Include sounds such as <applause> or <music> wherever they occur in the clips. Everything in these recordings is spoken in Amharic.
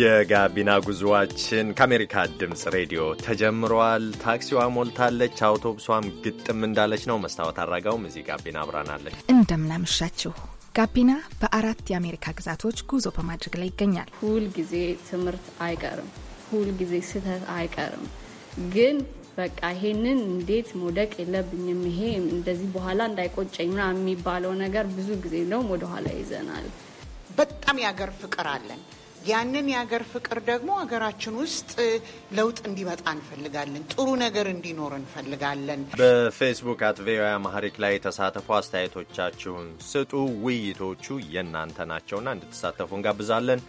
የጋቢና ጉዞዋችን ከአሜሪካ ድምፅ ሬዲዮ ተጀምሯል። ታክሲዋ ሞልታለች፣ አውቶቡሷም ግጥም እንዳለች ነው። መስታወት አድራጋውም እዚህ ጋቢና አብራናለች። እንደምናመሻችሁ። ጋቢና በአራት የአሜሪካ ግዛቶች ጉዞ በማድረግ ላይ ይገኛል። ሁል ጊዜ ትምህርት አይቀርም፣ ሁል ጊዜ ስህተት አይቀርም። ግን በቃ ይሄንን እንዴት መውደቅ የለብኝም ይሄ እንደዚህ በኋላ እንዳይቆጨኝ ምናምን የሚባለው ነገር ብዙ ጊዜ ነው ወደኋላ ይዘናል። በጣም ያገር ፍቅር አለን ያንን የሀገር ፍቅር ደግሞ ሀገራችን ውስጥ ለውጥ እንዲመጣ እንፈልጋለን። ጥሩ ነገር እንዲኖር እንፈልጋለን። በፌስቡክ አት ቪኦኤ አማሪክ ላይ የተሳተፉ አስተያየቶቻችሁን ስጡ። ውይይቶቹ የእናንተ ናቸውና እንድትሳተፉ እንጋብዛለን።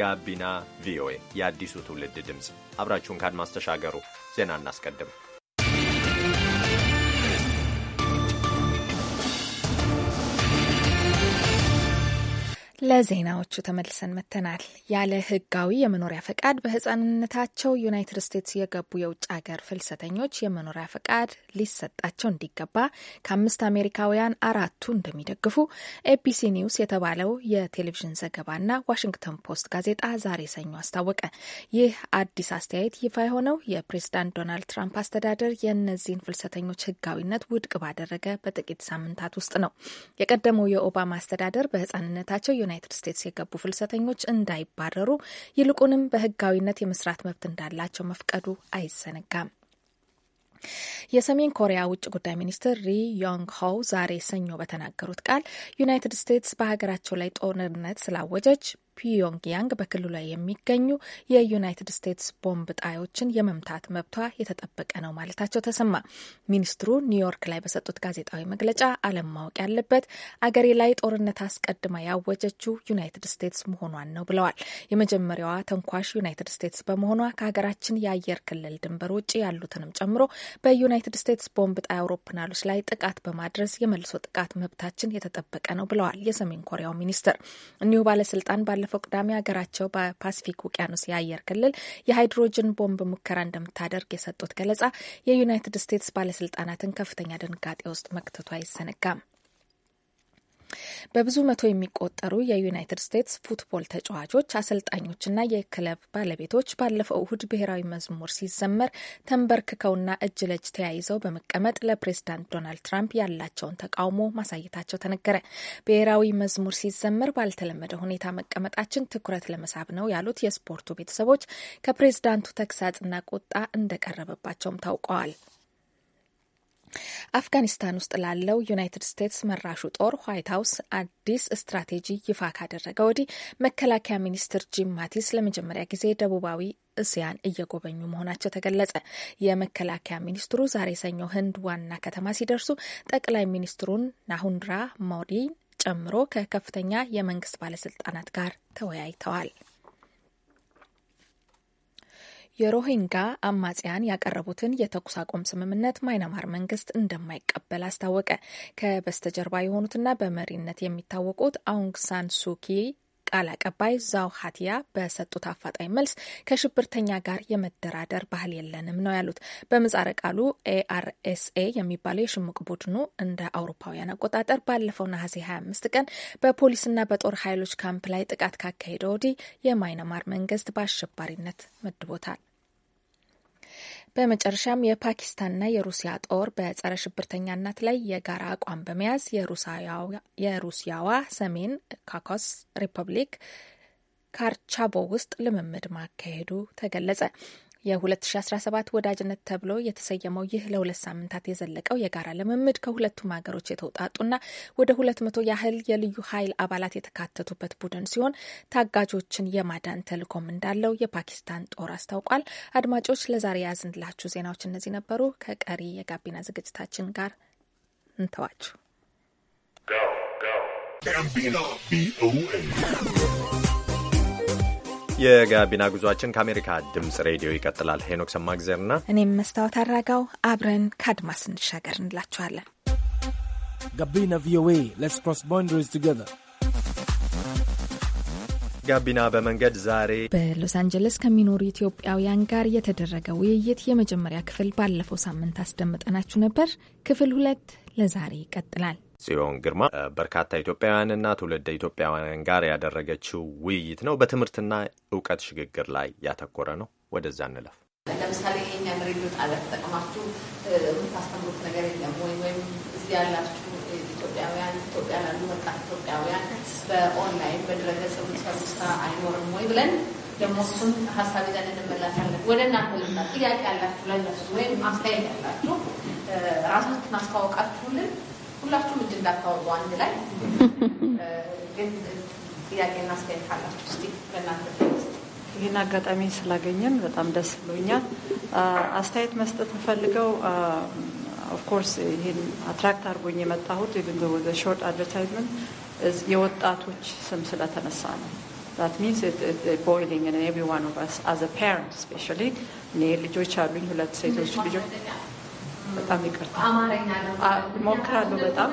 ጋቢና ቪኦኤ የአዲሱ ትውልድ ድምፅ፣ አብራችሁን ካድማስ ተሻገሩ። ዜና እናስቀድም። ለዜናዎቹ ተመልሰን መጥተናል። ያለ ህጋዊ የመኖሪያ ፈቃድ በህጻንነታቸው ዩናይትድ ስቴትስ የገቡ የውጭ ሀገር ፍልሰተኞች የመኖሪያ ፈቃድ ሊሰጣቸው እንዲገባ ከአምስት አሜሪካውያን አራቱ እንደሚደግፉ ኤቢሲ ኒውስ የተባለው የቴሌቪዥን ዘገባና ዋሽንግተን ፖስት ጋዜጣ ዛሬ ሰኞ አስታወቀ። ይህ አዲስ አስተያየት ይፋ የሆነው የፕሬዝዳንት ዶናልድ ትራምፕ አስተዳደር የእነዚህን ፍልሰተኞች ህጋዊነት ውድቅ ባደረገ በጥቂት ሳምንታት ውስጥ ነው። የቀደመው የኦባማ አስተዳደር በሕፃንነታቸው ዩናይትድ ስቴትስ የገቡ ፍልሰተኞች እንዳይባረሩ ይልቁንም በህጋዊነት የመስራት መብት እንዳላቸው መፍቀዱ አይዘነጋም። የሰሜን ኮሪያ ውጭ ጉዳይ ሚኒስትር ሪ ዮንግ ሆ ዛሬ ሰኞ በተናገሩት ቃል ዩናይትድ ስቴትስ በሀገራቸው ላይ ጦርነት ስላወጀች ፒዮንግያንግ በክልሉ ላይ የሚገኙ የዩናይትድ ስቴትስ ቦምብ ጣዮችን የመምታት መብቷ የተጠበቀ ነው ማለታቸው ተሰማ። ሚኒስትሩ ኒውዮርክ ላይ በሰጡት ጋዜጣዊ መግለጫ ዓለም ማወቅ ያለበት አገሬ ላይ ጦርነት አስቀድማ ያወጀችው ዩናይትድ ስቴትስ መሆኗን ነው ብለዋል። የመጀመሪያዋ ተንኳሽ ዩናይትድ ስቴትስ በመሆኗ ከሀገራችን የአየር ክልል ድንበር ውጭ ያሉትንም ጨምሮ በዩናይትድ ስቴትስ ቦምብ ጣይ አውሮፕላኖች ላይ ጥቃት በማድረስ የመልሶ ጥቃት መብታችን የተጠበቀ ነው ብለዋል የሰሜን ኮሪያው ሚኒስትር። እኒሁ ባለስልጣን ባለ ባለፈው ቅዳሜ ሀገራቸው በፓሲፊክ ውቅያኖስ የአየር ክልል የሃይድሮጅን ቦምብ ሙከራ እንደምታደርግ የሰጡት ገለጻ የዩናይትድ ስቴትስ ባለስልጣናትን ከፍተኛ ድንጋጤ ውስጥ መክተቱ አይዘነጋም። በብዙ መቶ የሚቆጠሩ የዩናይትድ ስቴትስ ፉትቦል ተጫዋቾች፣ አሰልጣኞችና የክለብ ባለቤቶች ባለፈው እሁድ ብሔራዊ መዝሙር ሲዘመር ተንበርክከውና እጅ ለእጅ ተያይዘው በመቀመጥ ለፕሬዚዳንት ዶናልድ ትራምፕ ያላቸውን ተቃውሞ ማሳየታቸው ተነገረ። ብሔራዊ መዝሙር ሲዘመር ባልተለመደ ሁኔታ መቀመጣችን ትኩረት ለመሳብ ነው ያሉት የስፖርቱ ቤተሰቦች ከፕሬዝዳንቱ ተግሳጽና ቁጣ እንደቀረበባቸውም ታውቀዋል። አፍጋኒስታን ውስጥ ላለው ዩናይትድ ስቴትስ መራሹ ጦር ዋይት ሀውስ አዲስ ስትራቴጂ ይፋ ካደረገ ወዲህ መከላከያ ሚኒስትር ጂም ማቲስ ለመጀመሪያ ጊዜ ደቡባዊ እስያን እየጎበኙ መሆናቸው ተገለጸ። የመከላከያ ሚኒስትሩ ዛሬ ሰኞ ህንድ ዋና ከተማ ሲደርሱ ጠቅላይ ሚኒስትሩን ናሁንድራ ሞዲን ጨምሮ ከከፍተኛ የመንግስት ባለስልጣናት ጋር ተወያይተዋል። የሮሂንጋ አማጽያን ያቀረቡትን የተኩስ አቁም ስምምነት ማይናማር መንግስት እንደማይቀበል አስታወቀ። ከበስተጀርባ የሆኑትና በመሪነት የሚታወቁት አውንግ ሳን ሱኪ ቃል አቀባይ ዛው ሀቲያ በሰጡት አፋጣኝ መልስ ከሽብርተኛ ጋር የመደራደር ባህል የለንም ነው ያሉት። በምጻረ ቃሉ ኤአርኤስኤ የሚባለው የሽምቅ ቡድኑ እንደ አውሮፓውያን አቆጣጠር ባለፈው ነሐሴ 25 ቀን በፖሊስና በጦር ኃይሎች ካምፕ ላይ ጥቃት ካካሄደ ወዲህ የማይነማር መንግስት በአሸባሪነት መድቦታል። በመጨረሻም የፓኪስታንና የሩሲያ ጦር በጸረ ሽብርተኛነት ላይ የጋራ አቋም በመያዝ የሩሲያዋ ሰሜን ካኮስ ሪፐብሊክ ካርቻቦ ውስጥ ልምምድ ማካሄዱ ተገለጸ። የ2017 ወዳጅነት ተብሎ የተሰየመው ይህ ለሁለት ሳምንታት የዘለቀው የጋራ ልምምድ ከሁለቱም ሀገሮች የተውጣጡና ወደ ሁለት መቶ ያህል የልዩ ኃይል አባላት የተካተቱበት ቡድን ሲሆን ታጋጆችን የማዳን ተልዕኮም እንዳለው የፓኪስታን ጦር አስታውቋል። አድማጮች ለዛሬ ያዝንላችሁ ዜናዎች እነዚህ ነበሩ። ከቀሪ የጋቢና ዝግጅታችን ጋር እንተዋችሁ። ጋቢና ቪኦኤ የጋቢና ጉዟችን ከአሜሪካ ድምፅ ሬዲዮ ይቀጥላል። ሄኖክ ሰማግዜርና እኔም መስታወት አራጋው አብረን ከአድማስ እንሻገር እንላችኋለን። ጋቢና ቪኦኤ ሌትስ ክሮስ ቦንደሪስ ቱጌዘር ጋቢና በመንገድ ዛሬ በሎስ አንጀለስ ከሚኖሩ ኢትዮጵያውያን ጋር የተደረገ ውይይት የመጀመሪያ ክፍል ባለፈው ሳምንት አስደምጠናችሁ ነበር። ክፍል ሁለት ለዛሬ ይቀጥላል። ጽዮን ግርማ በርካታ ኢትዮጵያውያንና ትውልደ ኢትዮጵያውያን ጋር ያደረገችው ውይይት ነው። በትምህርትና እውቀት ሽግግር ላይ ያተኮረ ነው። ወደዛ እንለፍ። ለምሳሌ የኛን ሬዲዮ ጣቢያ ተጠቅማችሁ የምታስተምሩት ነገር የለም ወይም ወይም እዚህ ያላችሁ ኢትዮጵያውያን ኢትዮጵያ ላሉ ወጣት ኢትዮጵያውያን በኦንላይን በድረገጽ ሰሩሳ አይኖርም ወይ ብለን ደግሞ እሱን ሀሳብ ይዘን እንመላሳለን። ወደ እናንተ ልምጣ። ጥያቄ ያላችሁ ለነሱ ወይም አስተያየት ያላችሁ ራሳችሁን አስተዋውቃችሁልን ሁላችሁም እጅ እንዳታወሩ አንድ ላይ <laughs> ግን ጥያቄና አስተያየት ካላችሁ እስቲ በእናንተ ይህን አጋጣሚ ስላገኘን በጣም ደስ ብሎኛል። አስተያየት መስጠት እንፈልገው ኦፍኮርስ ይህን አትራክት አድርጎኝ የመጣሁት ኢቭን ወዘ ሾርት አድቨርታይዝመንት የወጣቶች ስም ስለተነሳ ነው። ዛት ሚንስ ቦይሊንግ ኤቭሪ ዋን ኦፍ አስ አዘ ፓረንት ስፔሻሊ እኔ ልጆች አሉኝ ሁለት ሴቶች ልጆች በጣም ይቅርታ ሞክራለሁ። በጣም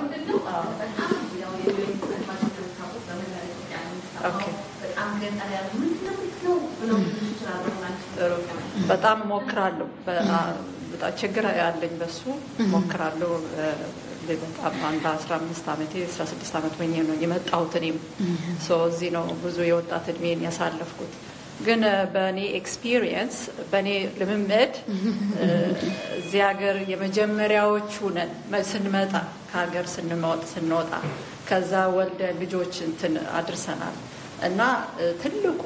በጣም ሞክራለሁ። ችግር ያለኝ በሱ ሞክራለሁ። በጣም አንድ አስራ አምስት ዓመቴ አስራ ስድስት ዓመት ሆኜ ነው የመጣሁት። እኔም እዚህ ነው ብዙ የወጣት እድሜን ያሳለፍኩት። ግን በእኔ ኤክስፒሪየንስ በእኔ ልምምድ እዚህ ሀገር የመጀመሪያዎቹ ነን ስንመጣ ከሀገር ስንወጣ ከዛ ወልደ ልጆች እንትን አድርሰናል እና ትልቁ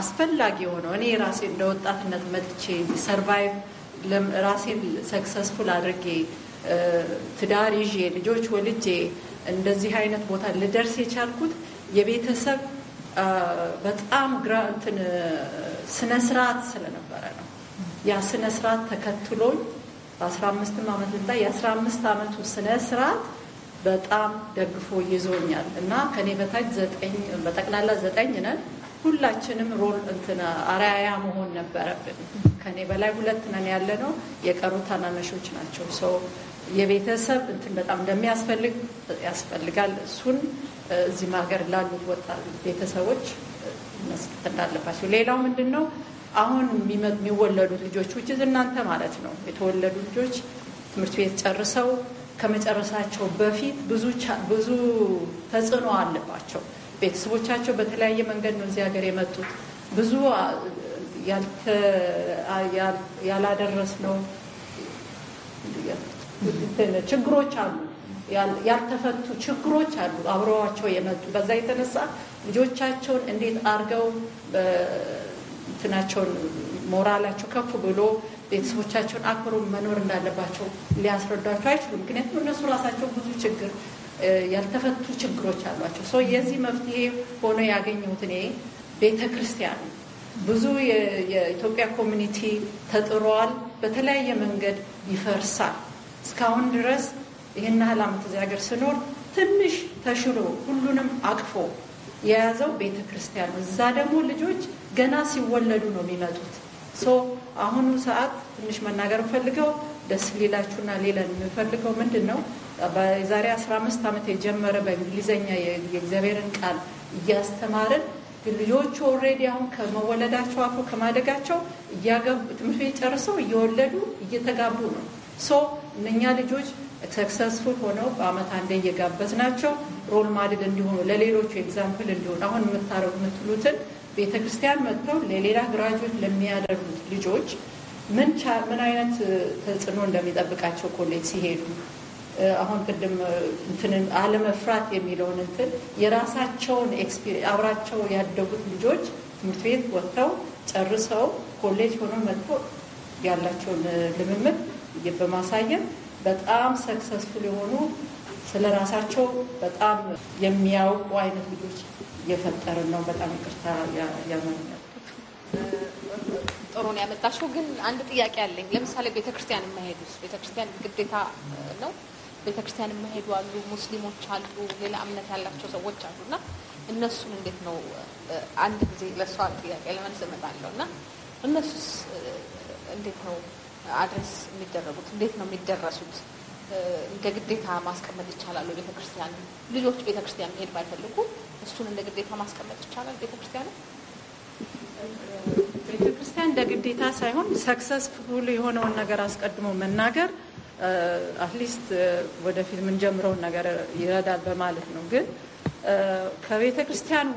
አስፈላጊ የሆነው እኔ ራሴ እንደ ወጣትነት መጥቼ ሰርቫይቭ ራሴን ሰክሰስፉል አድርጌ ትዳር ይዤ ልጆች ወልጄ እንደዚህ አይነት ቦታ ልደርስ የቻልኩት የቤተሰብ በጣም ግራንትን ስነስርዓት ስለነበረ ነው። ያ ስነስርዓት ተከትሎኝ በአስራ አምስትም አመት ልታ የአስራ አምስት አመቱ ስነ ስርዓት በጣም ደግፎ ይዞኛል እና ከኔ በታች ዘጠኝ በጠቅላላ ዘጠኝ ነን። ሁላችንም ሮል እንትን አርአያ መሆን ነበረብን። ከኔ በላይ ሁለት ነን ያለ ነው የቀሩ ታናናሾች ናቸው። ሰው የቤተሰብ እንትን በጣም እንደሚያስፈልግ ያስፈልጋል። እሱን እዚህም ሀገር ላሉት ወጣት ቤተሰቦች መስጠት እንዳለባቸው ሌላው ምንድን ነው አሁን የሚወለዱት ልጆች ውጭ እናንተ ማለት ነው የተወለዱ ልጆች ትምህርት ቤት ጨርሰው ከመጨረሳቸው በፊት ብዙ ተጽዕኖ አለባቸው። ቤተሰቦቻቸው በተለያየ መንገድ ነው እዚህ ሀገር የመጡት። ብዙ ነው ችግሮች አሉ፣ ያልተፈቱ ችግሮች አሉ አብረዋቸው የመጡ በዛ የተነሳ ልጆቻቸውን እንዴት አድርገው እንትናቸውን ሞራላቸው ከፍ ብሎ ቤተሰቦቻቸውን አክብሮ መኖር እንዳለባቸው ሊያስረዷቸው አይችሉም። ምክንያቱም እነሱ ራሳቸው ብዙ ችግር ያልተፈቱ ችግሮች አሏቸው። ሰው የዚህ መፍትሄ ሆኖ ያገኘሁት እኔ ቤተ ክርስቲያን ብዙ የኢትዮጵያ ኮሚኒቲ ተጥሯል፣ በተለያየ መንገድ ይፈርሳል። እስካሁን ድረስ ይህን ያህል ዓመት እዚህ ሀገር ስኖር ትንሽ ተሽሎ ሁሉንም አቅፎ የያዘው ቤተ ክርስቲያን ነው። እዛ ደግሞ ልጆች ገና ሲወለዱ ነው የሚመጡት። አሁኑ ሰዓት ትንሽ መናገር ፈልገው ደስ ሊላችሁና ሌላ የምፈልገው ምንድን ነው በዛሬ 15 ዓመት የጀመረ በእንግሊዘኛ የእግዚአብሔርን ቃል እያስተማርን ልጆቹ ኦልሬዲ አሁን ከመወለዳቸው አፎ ከማደጋቸው እያገቡ ትምህርት ቤት ጨርሰው እየወለዱ እየተጋቡ ነው። ሶ እነኛ ልጆች ሰክሰስፉል ሆነው በአመት አንዴ እየጋበዝ ናቸው ሮል ማድል እንዲሆኑ ለሌሎቹ ኤግዛምፕል እንዲሆኑ አሁን የምታረጉ የምትሉትን ቤተ ክርስቲያን መጥተው ለሌላ ግራጁዌት ለሚያደርጉት ልጆች ምን ምን አይነት ተጽዕኖ እንደሚጠብቃቸው ኮሌጅ ሲሄዱ አሁን ቅድም እንትንን አለመፍራት የሚለውን እንትን የራሳቸውን አብራቸው ያደጉት ልጆች ትምህርት ቤት ወጥተው ጨርሰው ኮሌጅ ሆኖ መጥቶ ያላቸውን ልምምድ በማሳየት በጣም ሰክሰስፉል የሆኑ ስለ ራሳቸው በጣም የሚያውቁ አይነት ልጆች እየፈጠርን ነው። በጣም ይቅርታ ያመኛል። ጥሩ ነው ያመጣሽው። ግን አንድ ጥያቄ አለኝ። ለምሳሌ ቤተክርስቲያን የማይሄዱ ቤተክርስቲያን ግዴታ ነው። ቤተክርስቲያን የማይሄዱ አሉ፣ ሙስሊሞች አሉ፣ ሌላ እምነት ያላቸው ሰዎች አሉ እና እነሱን እንዴት ነው አንድ ጊዜ ለእሷ ጥያቄ ለመልስ እመጣለሁ እና እነሱስ እንዴት ነው አድረስ የሚደረጉት እንዴት ነው የሚደረሱት? እንደ ግዴታ ማስቀመጥ ይቻላሉ ቤተክርስቲያን ልጆች ቤተክርስቲያን ክርስቲያን መሄድ ባይፈልጉ እሱን እንደ ግዴታ ማስቀመጥ ይቻላል። ቤተክርስቲያን ቤተክርስቲያን እንደ ግዴታ ሳይሆን ሰክሰስፉል የሆነውን ነገር አስቀድሞ መናገር አትሊስት ወደፊት የምንጀምረውን ነገር ይረዳል በማለት ነው። ግን ከቤተ ክርስቲያን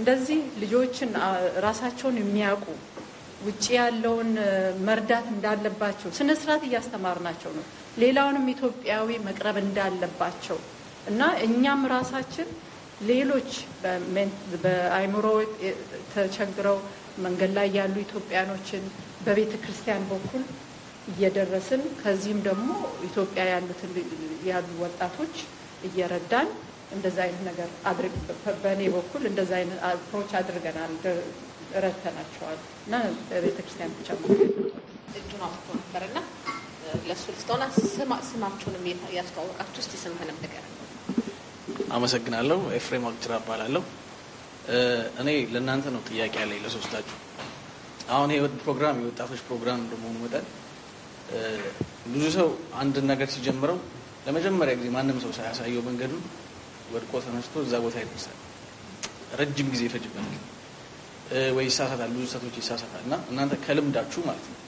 እንደዚህ ልጆችን ራሳቸውን የሚያውቁ ውጭ ያለውን መርዳት እንዳለባቸው ስነ ስርዓት እያስተማርናቸው ነው። ሌላውንም ኢትዮጵያዊ መቅረብ እንዳለባቸው እና እኛም ራሳችን ሌሎች በአይምሮ ተቸግረው መንገድ ላይ ያሉ ኢትዮጵያኖችን በቤተ ክርስቲያን በኩል እየደረስን ከዚህም ደግሞ ኢትዮጵያ ያሉትን ያሉ ወጣቶች እየረዳን እንደዚ አይነት ነገር በእኔ በኩል እንደዚ አይነት አፕሮች አድርገናል። ረድተናቸዋል እና በቤተ ክርስቲያን ብቻ እጁን አውጥቶ ነበር እና ስማችሁንም ያስተዋወቃችሁ ስምህንም አመሰግናለሁ። ኤፍሬም አግጅራ እባላለሁ። እኔ ለእናንተ ነው ጥያቄ ያለኝ ለሶስታችሁ። አሁን ይህ ፕሮግራም የወጣቶች ፕሮግራም እንደመሆኑ መጠን ብዙ ሰው አንድን ነገር ሲጀምረው ለመጀመሪያ ጊዜ ማንም ሰው ሳያሳየው መንገዱን ወድቆ ተነስቶ እዛ ቦታ ይደርሳል። ረጅም ጊዜ ይፈጅበታል። ወይ ይሳሳታል። ብዙ ሰቶች ይሳሳታል። እና እናንተ ከልምዳችሁ ማለት ነው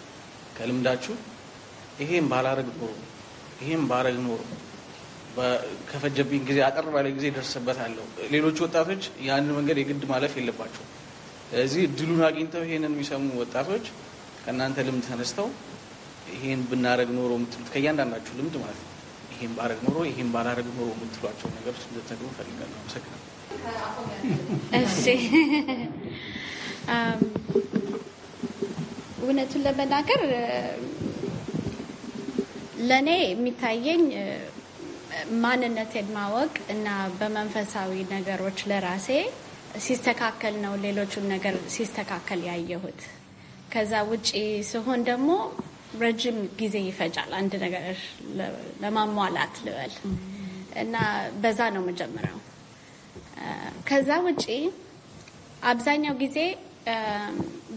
ከልምዳችሁ ይሄን ባላረግ ኖሮ ይሄን ባረግ ኖሮ ከፈጀብኝ ጊዜ አጠር ባለ ጊዜ ደርስበታለሁ። ሌሎች ወጣቶች ያንን መንገድ የግድ ማለፍ የለባቸው። ስለዚህ እድሉን አግኝተው ይሄንን የሚሰሙ ወጣቶች ከእናንተ ልምድ ተነስተው ይሄን ብናረግ ኖሮ የምትሉት ከእያንዳንዳችሁ ልምድ ማለት ነው ይሄን ባረግ ኖሮ ይሄን ባላረግ ኖሮ የምትሏቸው ነገሮች እንደተግሩ ፈልጋለሁ። አመሰግናለሁ። እሺ እውነቱን ለመናገር ለእኔ የሚታየኝ ማንነቴን ማወቅ እና በመንፈሳዊ ነገሮች ለራሴ ሲስተካከል ነው ሌሎቹን ነገር ሲስተካከል ያየሁት። ከዛ ውጪ ሲሆን ደግሞ ረጅም ጊዜ ይፈጃል አንድ ነገር ለማሟላት ልበል እና በዛ ነው መጀመሪያው። ከዛ ውጪ አብዛኛው ጊዜ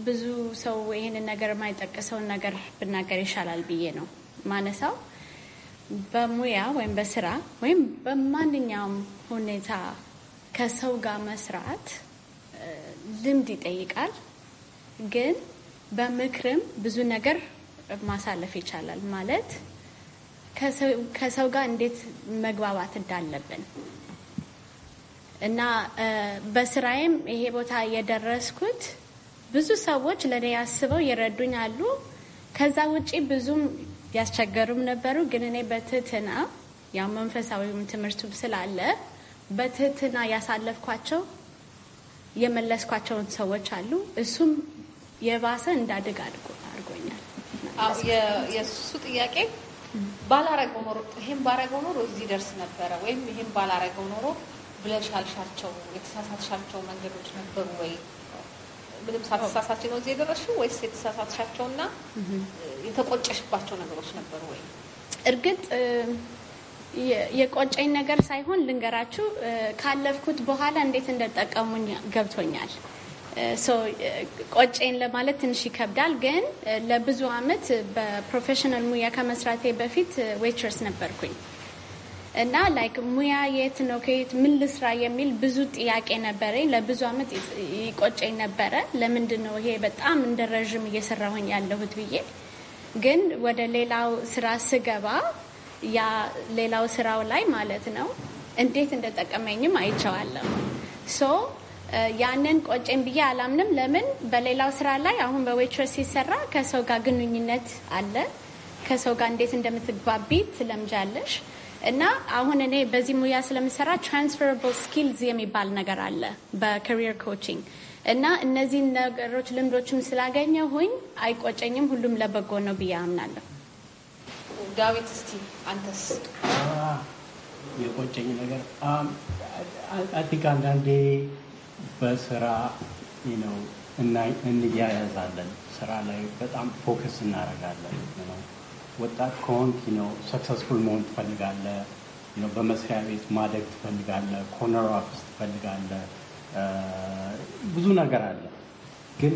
ብዙ ሰው ይህንን ነገር የማይጠቅሰውን ነገር ብናገር ይሻላል ብዬ ነው ማነሳው። በሙያ ወይም በስራ ወይም በማንኛውም ሁኔታ ከሰው ጋር መስራት ልምድ ይጠይቃል። ግን በምክርም ብዙ ነገር ማሳለፍ ይቻላል። ማለት ከሰው ጋር እንዴት መግባባት እንዳለብን እና በስራዬም ይሄ ቦታ የደረስኩት ብዙ ሰዎች ለእኔ ያስበው ይረዱኝ አሉ። ከዛ ውጪ ብዙም ያስቸገሩም ነበሩ። ግን እኔ በትህትና ያው መንፈሳዊም ትምህርቱ ስላለ በትህትና ያሳለፍኳቸው የመለስኳቸውን ሰዎች አሉ። እሱም የባሰ እንዳድግ አድርጎኛል። የእሱ ጥያቄ ባላረገው ኖሮ ይህም ባረገው ኖሮ እዚህ ደርስ ነበረ ወይም ይህም ባላረገው ኖሮ ብለሽ ያልሻቸው የተሳሳትሻቸው መንገዶች ነበሩ ወይ? ምንም ሳትሳሳች ነው እዚህ የደረስሽው ወይስ የተሳሳትሻቸውና የተቆጨሽባቸው ነገሮች ነበሩ ወይ? እርግጥ የቆጨኝ ነገር ሳይሆን ልንገራችሁ፣ ካለፍኩት በኋላ እንዴት እንደጠቀሙኝ ገብቶኛል። ቆጨኝ ለማለት ትንሽ ይከብዳል። ግን ለብዙ አመት በፕሮፌሽናል ሙያ ከመስራቴ በፊት ዌትረስ ነበርኩኝ። እና ላይክ ሙያ የት ነው ከየት ምን ልስራ የሚል ብዙ ጥያቄ ነበረኝ። ለብዙ አመት ይቆጨኝ ነበረ። ለምንድን ነው ይሄ በጣም እንደ ረዥም እየሰራሁኝ ያለሁት ብዬ ግን ወደ ሌላው ስራ ስገባ ያ ሌላው ስራው ላይ ማለት ነው እንዴት እንደጠቀመኝም አይቸዋለሁ። ሶ ያንን ቆጨኝ ብዬ አላምንም። ለምን በሌላው ስራ ላይ አሁን በዌትረስ ሲሰራ ከሰው ጋር ግንኙነት አለ። ከሰው ጋር እንዴት እንደምትግባቢ ትለምጃለሽ እና አሁን እኔ በዚህ ሙያ ስለምሰራ ትራንስፈራብል ስኪልዝ የሚባል ነገር አለ በካሪየር ኮቺንግ እና እነዚህ ነገሮች ልምዶችም ስላገኘሁኝ አይቆጨኝም። ሁሉም ለበጎ ነው ብዬ አምናለሁ። ዳዊት፣ እስቲ አንተስ? የቆጨኝ ነገር አቲክ አንዳንዴ በስራ ነው እንያያዛለን። ስራ ላይ በጣም ፎከስ እናደርጋለን ነው ወጣት ከሆንክ ነው ሰክሰስፉል መሆን ትፈልጋለህ፣ በመስሪያ ቤት ማደግ ትፈልጋለህ፣ ኮርነር ኦፊስ ትፈልጋለህ፣ ብዙ ነገር አለ። ግን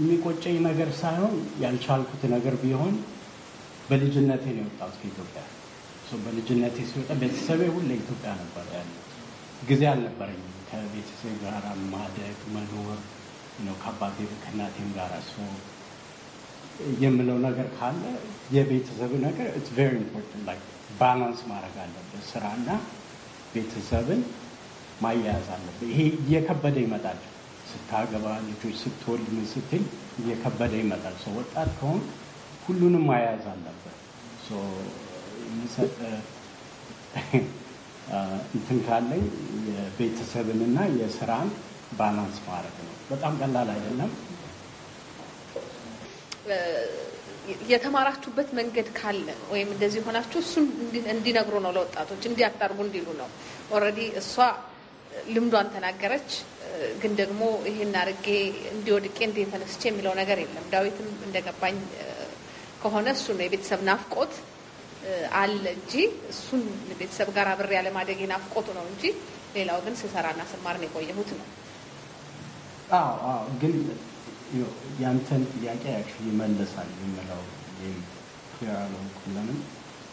የሚቆጨኝ ነገር ሳይሆን ያልቻልኩት ነገር ቢሆን በልጅነቴ ነው የወጣሁት ከኢትዮጵያ። በልጅነቴ ሲወጣ ቤተሰቤ ሁሌ ኢትዮጵያ ነበር ያለው። ጊዜ አልነበረኝም ከቤተሰብ ጋር ማደግ መኖር ከአባቴ ከእናቴም ጋር የምለው ነገር ካለ የቤተሰብ ነገር ኢትስ ቬሪ ኢምፖርታንት ባላንስ ማድረግ አለብህ። ስራና ቤተሰብን ማያያዝ አለብህ። ይሄ እየከበደ ይመጣል። ስታገባ ልጆች ስትወልድ ምን ስትል እየከበደ ይመጣል። ሰው ወጣት ከሆን ሁሉንም ማያያዝ አለብህ። የሚሰጥ <laughs> እንትን ካለኝ የቤተሰብንና የስራን ባላንስ ማድረግ ነው። በጣም ቀላል አይደለም። የተማራችሁበት መንገድ ካለ ወይም እንደዚህ ሆናችሁ እሱን እንዲነግሩ ነው ለወጣቶች እንዲያታርጉ እንዲሉ ነው። ኦልሬዲ እሷ ልምዷን ተናገረች። ግን ደግሞ ይህን አድርጌ እንዲወድቄ እንዲ ተነስቼ የሚለው ነገር የለም። ዳዊትም እንደገባኝ ከሆነ እሱ ነው የቤተሰብ ናፍቆት አለ እንጂ እሱን ቤተሰብ ጋር አብሬ ያለማደግ ናፍቆቱ ነው እንጂ ሌላው ግን ስሰራና ስማር ነው የቆየሁት ነው ግን ያንተን ጥያቄ አክቹዋሊ ይመለሳል የምለው ያለሆንኩም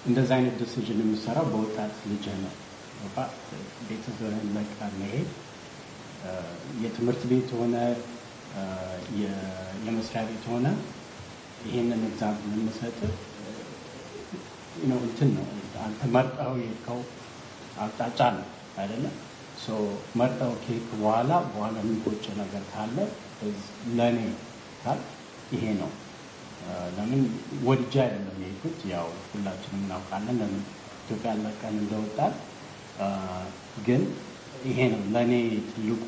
እንደዚ አይነት ዲሲዥን የምሰራው በወጣት ልጅህ ነው። ቤተሰብህን ለቃ መሄድ የትምህርት ቤት ሆነ የመስሪያ ቤት ሆነ ይሄንን ኤግዛምፕል የምሰጥ ነው እንትን ነው አንተ መርጠው የሄድከው አቅጣጫ ነው አይደለም። መርጠው ከሄድክ በኋላ በኋላ የሚቆጭ ነገር ካለ ለእኔ ካል ይሄ ነው። ለምን ወድጄ አይደለም የሄድኩት። ያው ሁላችንም እናውቃለን ለምን ኢትዮጵያ ለቀን እንደወጣን። ግን ይሄ ነው ለእኔ ትልቁ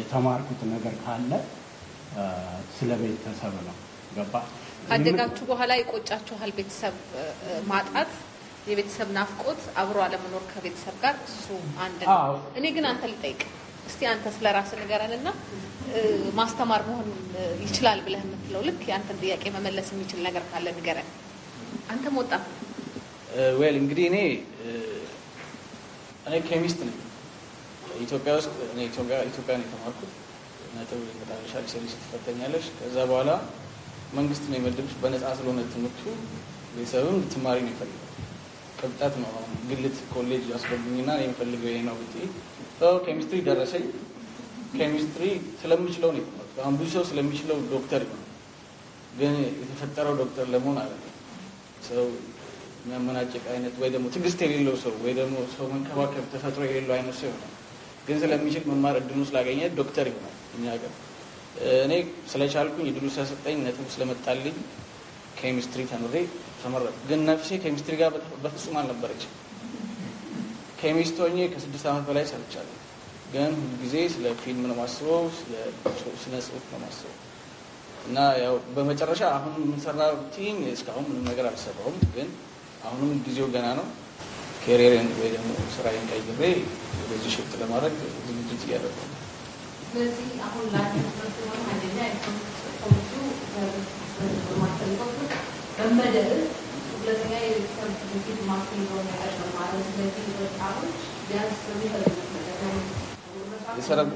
የተማርኩት ነገር ካለ ስለ ቤተሰብ ነው። ገባ ካደጋችሁ በኋላ ይቆጫችኋል። ቤተሰብ ማጣት፣ የቤተሰብ ናፍቆት፣ አብሮ አለመኖር ከቤተሰብ ጋር እሱ አንድ ነው። እኔ ግን አንተ ልጠይቅ እስቲ አንተ ስለ ራስህ ንገረን ማስተማር መሆን ይችላል ብለህ የምትለው ልክ የአንተን ጥያቄ መመለስ የሚችል ነገር ካለ ንገረን። አንተም ወጣት ዌል እንግዲህ እኔ እኔ ኬሚስት ነኝ። ኢትዮጵያ ውስጥ እኔ ኢትዮጵያ ነው የተማርኩት። ነጥብ በጣም ሴሪስ ትፈተኛለሽ። ከዛ በኋላ መንግስት ነው የመደብሽ በነፃ ስለሆነ ትምህርቱ ቤተሰብም ትማሪ ነው የፈለገው። ቅብጠት ነው ግልት ኮሌጅ ያስገብኝና የሚፈልገው ይሄ ነው ብጤ ኬሚስትሪ ደረሰኝ ኬሚስትሪ ስለምችለው ነው የተማርኩት። አሁን ብዙ ሰው ስለሚችለው ዶክተር ይሆናል፣ ግን የተፈጠረው ዶክተር ለመሆን አለ ሰው የሚያመናጭቅ አይነት ወይ ደግሞ ትዕግስት የሌለው ሰው ወይ ደግሞ ሰው መንከባከብ ተፈጥሮ የሌለው አይነት ሰው ይሆናል፣ ግን ስለሚችል መማር እድሉን ስላገኘ ዶክተር ይሆናል። እኛ ሀገር እኔ ስለቻልኩኝ እድሉ ስለሰጠኝ ነጥብ ስለመጣልኝ ኬሚስትሪ ተምሬ ተመረጥኩ። ግን ነፍሴ ኬሚስትሪ ጋር በፍጹም አልነበረችም። ኬሚስት ሆኜ ከስድስት ዓመት በላይ ሰርቻለሁ። ግን ሁልጊዜ ስለ ፊልም ነው ማስበው፣ ስነ ጽሁፍ ነው ማስበው እና ያው በመጨረሻ አሁን የምንሰራ ቲም እስካሁን ምንም ነገር አልሰራውም። ግን አሁንም ጊዜው ገና ነው። ኬሪየርን ወይ ደግሞ ስራዬን ቀይሬ ወደዚህ ሽፍት ለማድረግ ዝግጅት እያደረጉ ነው። ስለዚህ አሁን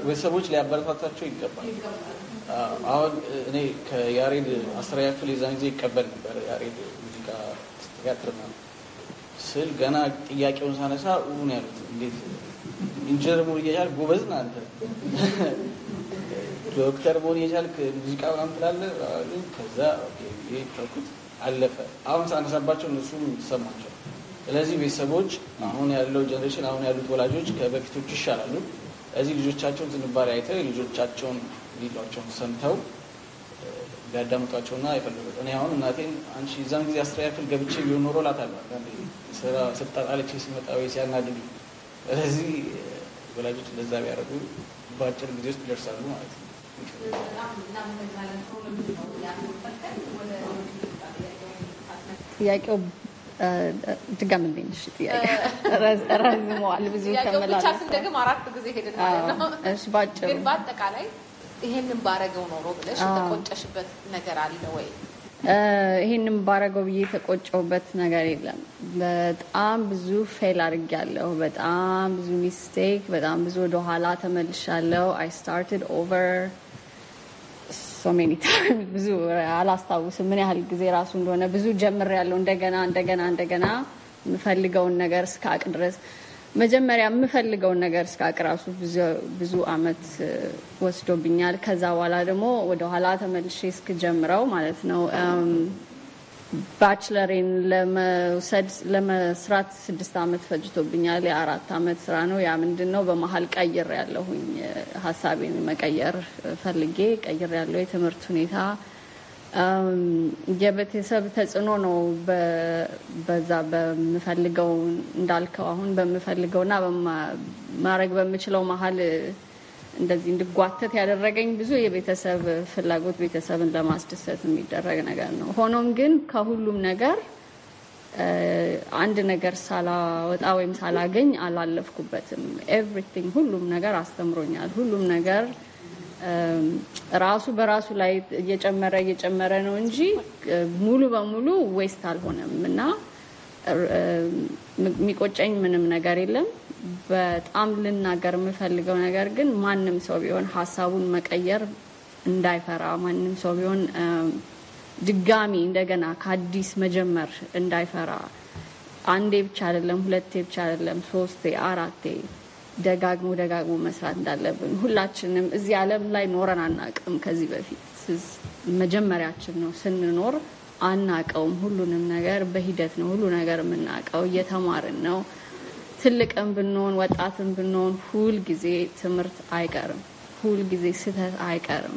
ቤተሰቦች ሊያበረታታቸው ይገባል። አሁን እኔ ከያሬድ አስረኛ ክፍል የዛን ጊዜ ይቀበል ነበር ያሬድ ሙዚቃ ትያትር ስል ገና ጥያቄውን ሳነሳ ውን ያሉት እንዴት ኢንጂነር መሆን እየቻልክ ጎበዝ ነህ አንተ ዶክተር መሆን እየቻልክ ሙዚቃ ምናምን ትላለህ። ከዛ ተኩት አለፈ። አሁን ሳነሳባቸው እነሱም ይሰማቸው። ስለዚህ ቤተሰቦች አሁን ያለው ጀኔሬሽን አሁን ያሉት ወላጆች ከበፊቶች ይሻላሉ። እዚህ ልጆቻቸውን ዝንባሌ አይተው ልጆቻቸውን ሊሏቸውን ሰምተው ሊያዳምጧቸውና የፈለጉት እኔ አሁን እናቴን አንቺ እዛን ጊዜ አስራ ያክል ገብቼ ቢሆን ኖሮ እላታለሁ። ስራ ስታጣለች ሲመጣ ወይ ሲያናድዱ። ስለዚህ ወላጆች እንደዛ ቢያደርጉ በአጭር ጊዜ ውስጥ ይደርሳሉ ማለት ነው። ጥያቄው ድጋምልኝ። እሺ፣ ጥያቄ ረዝመዋል ብዙ ከመላለስ ደግሞ አራት ጊዜ ሄድን ማለት ነው። እሺ፣ ባጭሩ ግን በአጠቃላይ ይሄንን ባረገው ኖሮ ብለሽ የተቆጨሽበት ነገር አለ ወይ? ይሄንም ባረገው ብዬ የተቆጨውበት ነገር የለም። በጣም ብዙ ፌል አድርጌያለሁ። በጣም ብዙ ሚስቴክ፣ በጣም ብዙ ወደኋላ ተመልሻለሁ። አይ ስታርትድ ኦቨር ሶሜኒ ታይምስ <laughs> ብዙ አላስታውስም፣ ምን ያህል ጊዜ ራሱ እንደሆነ ብዙ ጀምር ያለው እንደገና እንደገና እንደገና የምፈልገውን ነገር እስከ አቅ ድረስ መጀመሪያ የምፈልገውን ነገር እስከ አቅ ራሱ ብዙ አመት ወስዶብኛል። ከዛ በኋላ ደግሞ ወደኋላ ተመልሼ እስክጀምረው ማለት ነው ባችለሬን ለመውሰድ ለመስራት ስድስት አመት ፈጅቶብኛል። የአራት አመት ስራ ነው። ያ ምንድን ነው በመሀል ቀይር ያለሁኝ ሀሳቤን መቀየር ፈልጌ ቀይር ያለው የትምህርት ሁኔታ የቤተሰብ ተጽዕኖ ነው። በዛ በምፈልገው እንዳልከው አሁን በምፈልገው ማድረግ በምችለው መሀል እንደዚህ እንድጓተት ያደረገኝ ብዙ የቤተሰብ ፍላጎት ቤተሰብን ለማስደሰት የሚደረግ ነገር ነው። ሆኖም ግን ከሁሉም ነገር አንድ ነገር ሳላወጣ ወይም ሳላገኝ አላለፍኩበትም። ኤቭሪቲንግ ሁሉም ነገር አስተምሮኛል። ሁሉም ነገር ራሱ በራሱ ላይ እየጨመረ እየጨመረ ነው እንጂ ሙሉ በሙሉ ዌስት አልሆነም እና የሚቆጨኝ ምንም ነገር የለም። በጣም ልናገር የምፈልገው ነገር ግን ማንም ሰው ቢሆን ሀሳቡን መቀየር እንዳይፈራ፣ ማንም ሰው ቢሆን ድጋሚ እንደገና ከአዲስ መጀመር እንዳይፈራ። አንዴ ብቻ አይደለም፣ ሁለቴ ብቻ አይደለም፣ ሶስቴ፣ አራቴ ደጋግሞ ደጋግሞ መስራት እንዳለብን ሁላችንም እዚህ ዓለም ላይ ኖረን አናቅም። ከዚህ በፊት መጀመሪያችን ነው ስንኖር አናቀውም። ሁሉንም ነገር በሂደት ነው ሁሉ ነገር የምናቀው፣ እየተማርን ነው ትልቅም ብንሆን ወጣትም ብንሆን ሁል ጊዜ ትምህርት አይቀርም፣ ሁል ጊዜ ስህተት አይቀርም።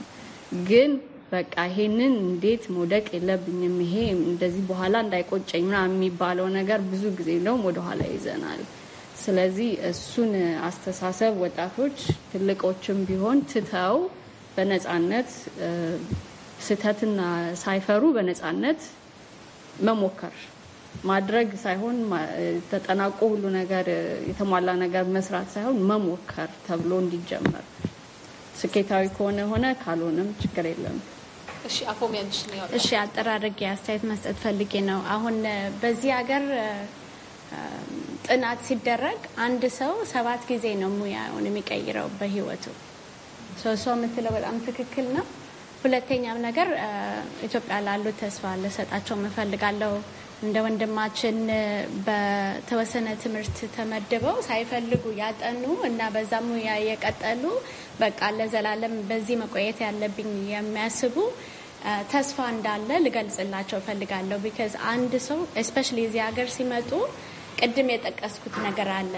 ግን በቃ ይሄንን እንዴት መውደቅ የለብኝም ይሄ እንደዚህ በኋላ እንዳይቆጨኝ ምናምን የሚባለው ነገር ብዙ ጊዜ እንደውም ወደኋላ ይዘናል። ስለዚህ እሱን አስተሳሰብ ወጣቶች ትልቆችም ቢሆን ትተው በነጻነት ስህተትና ሳይፈሩ በነጻነት መሞከር ማድረግ ሳይሆን ተጠናቆ ሁሉ ነገር የተሟላ ነገር መስራት ሳይሆን መሞከር ተብሎ እንዲጀመር ስኬታዊ ከሆነ ሆነ፣ ካልሆነም ችግር የለም። እሺ፣ አጠራርጌ አስተያየት መስጠት ፈልጌ ነው። አሁን በዚህ ሀገር ጥናት ሲደረግ አንድ ሰው ሰባት ጊዜ ነው ሙያውን የሚቀይረው በህይወቱ። እሷ የምትለው በጣም ትክክል ነው። ሁለተኛም ነገር ኢትዮጵያ ላሉ ተስፋ ልሰጣቸው እፈልጋለሁ። እንደ ወንድማችን በተወሰነ ትምህርት ተመድበው ሳይፈልጉ ያጠኑ እና በዛ ሙያ የቀጠሉ በቃ ለዘላለም በዚህ መቆየት ያለብኝ የሚያስቡ ተስፋ እንዳለ ልገልጽላቸው እፈልጋለሁ። ቢካዝ አንድ ሰው እስፔሻሊ እዚህ ሀገር ሲመጡ ቅድም የጠቀስኩት ነገር አለ።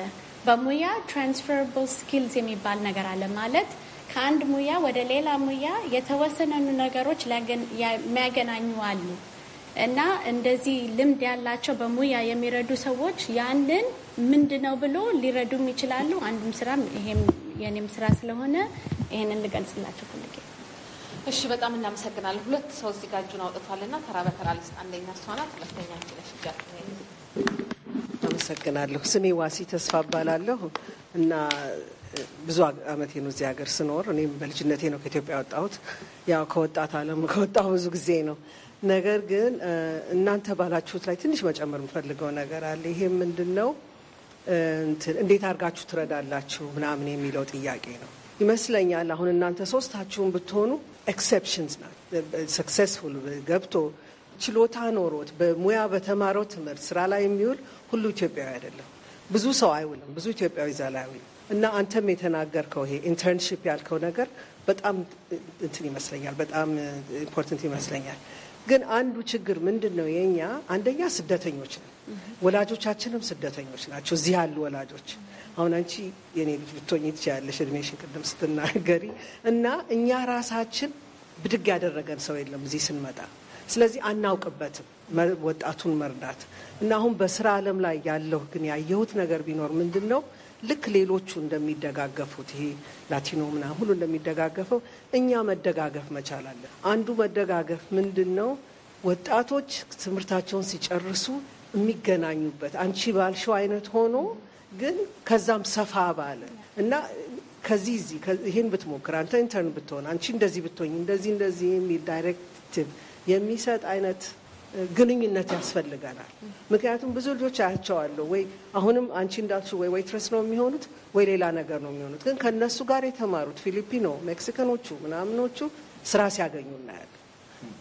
በሙያ ትራንስፈርብል ስኪልስ የሚባል ነገር አለ ማለት ከአንድ ሙያ ወደ ሌላ ሙያ የተወሰነኑ ነገሮች የሚያገናኙ አሉ። እና እንደዚህ ልምድ ያላቸው በሙያ የሚረዱ ሰዎች ያንን ምንድነው ብሎ ሊረዱም ይችላሉ። አንዱም ስራም ይሄም የኔም ስራ ስለሆነ ይሄንን ልገልጽላቸው ፈልጌ። እሺ፣ በጣም እናመሰግናለን። ሁለት ሰው እዚህ ጋር እጁን አውጥቷልና ተራ በተራ ልስጥ። አንደኛ እሷ ናት፣ ሁለተኛ ለሽጃ። አመሰግናለሁ። ስሜ ዋሲ ተስፋ እባላለሁ እና ብዙ አመቴ ነው እዚህ ሀገር ስኖር። እኔም በልጅነቴ ነው ከኢትዮጵያ ወጣሁት። ያው ከወጣት አለም ከወጣሁ ብዙ ጊዜ ነው ነገር ግን እናንተ ባላችሁት ላይ ትንሽ መጨመር የምፈልገው ነገር አለ። ይሄ ምንድን ነው እንዴት አድርጋችሁ ትረዳላችሁ ምናምን የሚለው ጥያቄ ነው ይመስለኛል። አሁን እናንተ ሶስታችሁን ብትሆኑ ኤክሰፕሽንስ ሰክሰስፉል ገብቶ ችሎታ ኖሮት በሙያ በተማረው ትምህርት ስራ ላይ የሚውል ሁሉ ኢትዮጵያዊ አይደለም። ብዙ ሰው አይውልም። ብዙ ኢትዮጵያዊ እዛ አይውልም። እና አንተም የተናገርከው ይሄ ኢንተርንሽፕ ያልከው ነገር በጣም እንትን ይመስለኛል፣ በጣም ኢምፖርተንት ይመስለኛል። ግን አንዱ ችግር ምንድን ነው የእኛ አንደኛ ስደተኞች ነው ወላጆቻችንም ስደተኞች ናቸው። እዚህ ያሉ ወላጆች አሁን አንቺ የኔ ልጅ ብትሆኝ ትችያለሽ፣ እድሜሽን ቅድም ስትናገሪ እና እኛ ራሳችን ብድግ ያደረገን ሰው የለም እዚህ ስንመጣ። ስለዚህ አናውቅበትም ወጣቱን መርዳት እና አሁን በስራ ዓለም ላይ ያለሁ ግን ያየሁት ነገር ቢኖር ምንድን ነው ልክ ሌሎቹ እንደሚደጋገፉት ይሄ ላቲኖ ምናምን ሁሉ እንደሚደጋገፈው እኛ መደጋገፍ መቻል አለ። አንዱ መደጋገፍ ምንድን ነው? ወጣቶች ትምህርታቸውን ሲጨርሱ የሚገናኙበት አንቺ ባልሽው አይነት ሆኖ ግን ከዛም ሰፋ ባለ እና ከዚህ እዚህ ይህን ብትሞክር አንተ ኢንተርን ብትሆን አንቺ እንደዚህ ብትሆኝ እንደዚህ እንደዚህ የሚል ዳይሬክቲቭ የሚሰጥ አይነት ግንኙነት ያስፈልገናል። ምክንያቱም ብዙ ልጆች አያቸዋለሁ ወይ አሁንም አንቺ እንዳልሽ ወይ ወይትረስ ነው የሚሆኑት ወይ ሌላ ነገር ነው የሚሆኑት። ግን ከእነሱ ጋር የተማሩት ፊሊፒኖ፣ ሜክሲካኖቹ ምናምኖቹ ስራ ሲያገኙ እናያለን።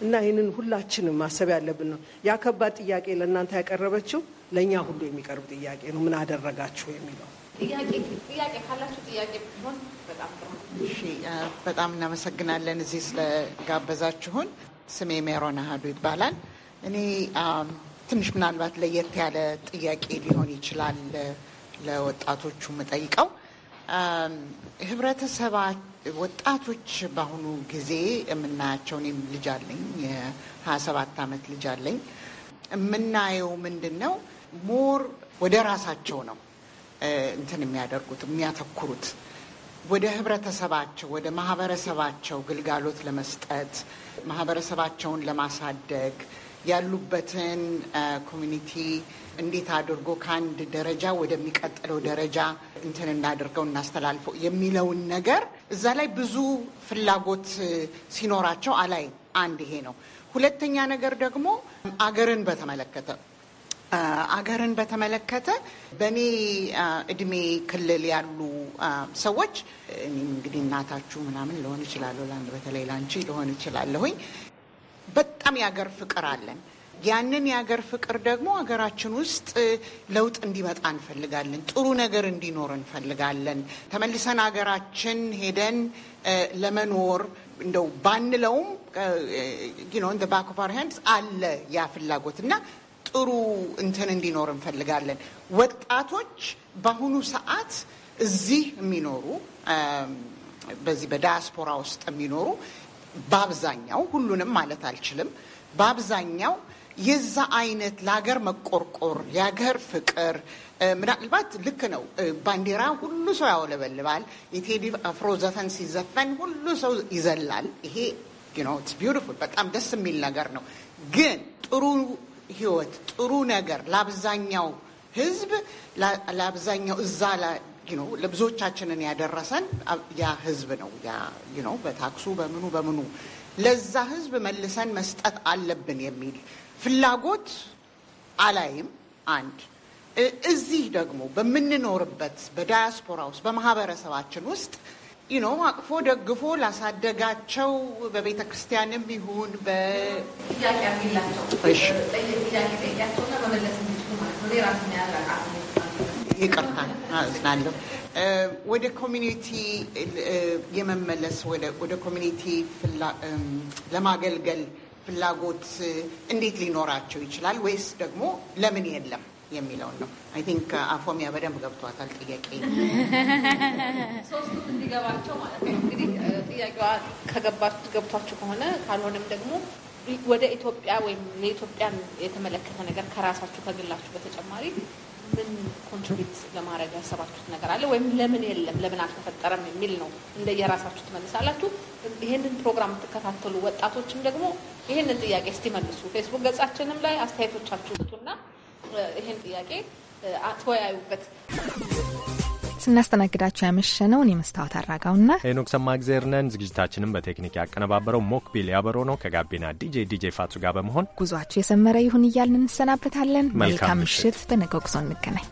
እና ይህንን ሁላችንም ማሰብ ያለብን ነው። ያከባድ ጥያቄ ለእናንተ ያቀረበችው ለእኛ ሁሉ የሚቀርብ ጥያቄ ነው። ምን አደረጋችሁ የሚለው ጥያቄ ካላችሁ ጥያቄ በጣም በጣም እናመሰግናለን እዚህ ስለጋበዛችሁን። ስሜ ሜሮን አህዱ ይባላል። እኔ ትንሽ ምናልባት ለየት ያለ ጥያቄ ሊሆን ይችላል ለወጣቶቹ የምጠይቀው ህብረተሰባ ወጣቶች በአሁኑ ጊዜ የምናያቸው እኔም ልጅ አለኝ የሀያ ሰባት ዓመት ልጅ አለኝ የምናየው ምንድን ነው ሞር ወደ ራሳቸው ነው እንትን የሚያደርጉት የሚያተኩሩት ወደ ህብረተሰባቸው ወደ ማህበረሰባቸው ግልጋሎት ለመስጠት ማህበረሰባቸውን ለማሳደግ ያሉበትን ኮሚኒቲ እንዴት አድርጎ ከአንድ ደረጃ ወደሚቀጥለው ደረጃ እንትን እናድርገው እናስተላልፈው የሚለውን ነገር እዛ ላይ ብዙ ፍላጎት ሲኖራቸው አላይ። አንድ ይሄ ነው። ሁለተኛ ነገር ደግሞ አገርን በተመለከተ አገርን በተመለከተ በእኔ እድሜ ክልል ያሉ ሰዎች እንግዲህ እናታችሁ ምናምን ልሆን ይችላለሁ ለአንድ በተለይ ላንቺ ልሆን ይችላለሁኝ በጣም የአገር ፍቅር አለን። ያንን የአገር ፍቅር ደግሞ ሀገራችን ውስጥ ለውጥ እንዲመጣ እንፈልጋለን። ጥሩ ነገር እንዲኖር እንፈልጋለን። ተመልሰን ሀገራችን ሄደን ለመኖር እንደው ባንለውም እንደ ባክ ኦፍ አወር አለ ያ ፍላጎት እና ጥሩ እንትን እንዲኖር እንፈልጋለን። ወጣቶች በአሁኑ ሰዓት እዚህ የሚኖሩ በዚህ በዳያስፖራ ውስጥ የሚኖሩ በአብዛኛው ሁሉንም ማለት አልችልም፣ በአብዛኛው የዛ አይነት ለሀገር መቆርቆር የሀገር ፍቅር ምናልባት ልክ ነው። ባንዲራ ሁሉ ሰው ያውለበልባል። የቴዲ አፍሮ ዘፈን ሲዘፈን ሁሉ ሰው ይዘላል። ይሄ ቢዩቲፉል በጣም ደስ የሚል ነገር ነው። ግን ጥሩ ህይወት ጥሩ ነገር ለአብዛኛው ህዝብ ለአብዛኛው እዛ ለብዙዎቻችንን ያደረሰን ያ ህዝብ ነው። ያ በታክሱ በምኑ በምኑ ለዛ ህዝብ መልሰን መስጠት አለብን የሚል ፍላጎት አላይም። አንድ እዚህ ደግሞ በምንኖርበት በዳያስፖራ ውስጥ በማህበረሰባችን ውስጥ ኖ አቅፎ ደግፎ ላሳደጋቸው በቤተ ክርስቲያንም ይሁን በጥያቄ ይቅርታ አዝናለሁ። ወደ ኮሚኒቲ የመመለስ ወደ ኮሚኒቲ ለማገልገል ፍላጎት እንዴት ሊኖራቸው ይችላል ወይስ ደግሞ ለምን የለም የሚለውን ነው። አይ ቲንክ አፎሚያ በደንብ ገብቷታል። ጥያቄ ሶስቱም እንዲገባቸው ማለት ነው። እንግዲህ ጥያቄዋ ገብቷችሁ ከሆነ ካልሆነም ደግሞ ወደ ኢትዮጵያ ወይም የኢትዮጵያን የተመለከተ ነገር ከራሳችሁ ከግላችሁ በተጨማሪ ምን ኮንትሪቢዩት ለማድረግ ያሰባችሁት ነገር አለ ወይም ለምን የለም ለምን አልተፈጠረም የሚል ነው። እንደየራሳችሁ ትመልሳላችሁ። ይህንን ፕሮግራም የምትከታተሉ ወጣቶችም ደግሞ ይህንን ጥያቄ እስቲ መልሱ ፌስቡክ ገጻችንም ላይ አስተያየቶቻችሁ ስጡና ይህን ጥያቄ ተወያዩበት። ስናስተናግዳቸው ያመሸነውን የመስታወት አራጋውና ሄኖክ እግዜር ነን። ዝግጅታችንም በቴክኒክ ያቀነባበረው ሞክቢል ያበሮ ነው። ከጋቢና ዲጄ ዲጄ ፋቱ ጋር በመሆን ጉዟችሁ የሰመረ ይሁን እያልን እንሰናበታለን። መልካም ምሽት። በነገው ጉዞ እንገናኝ።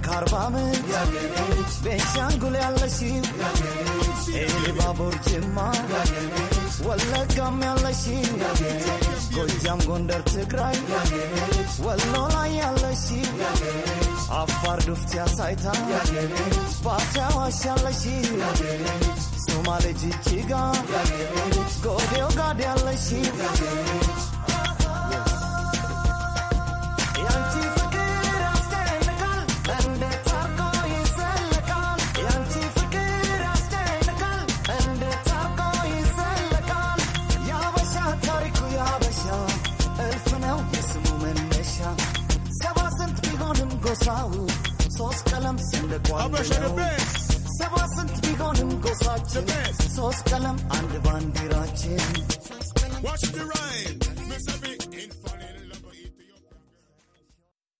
carvame Beșangul ya lashin Eli babur cimma Walla gam ya lashin Gojam gondar tigray Walla la ya lashin Afar saita, sayta Basya wash ya lashin Somali jichiga Godeo gade ya lashin ሶስት ቀለም ሰባ ስንት ቢሆንም ጎሳችን ሶስት ቀለም አንድ ባንዲራችን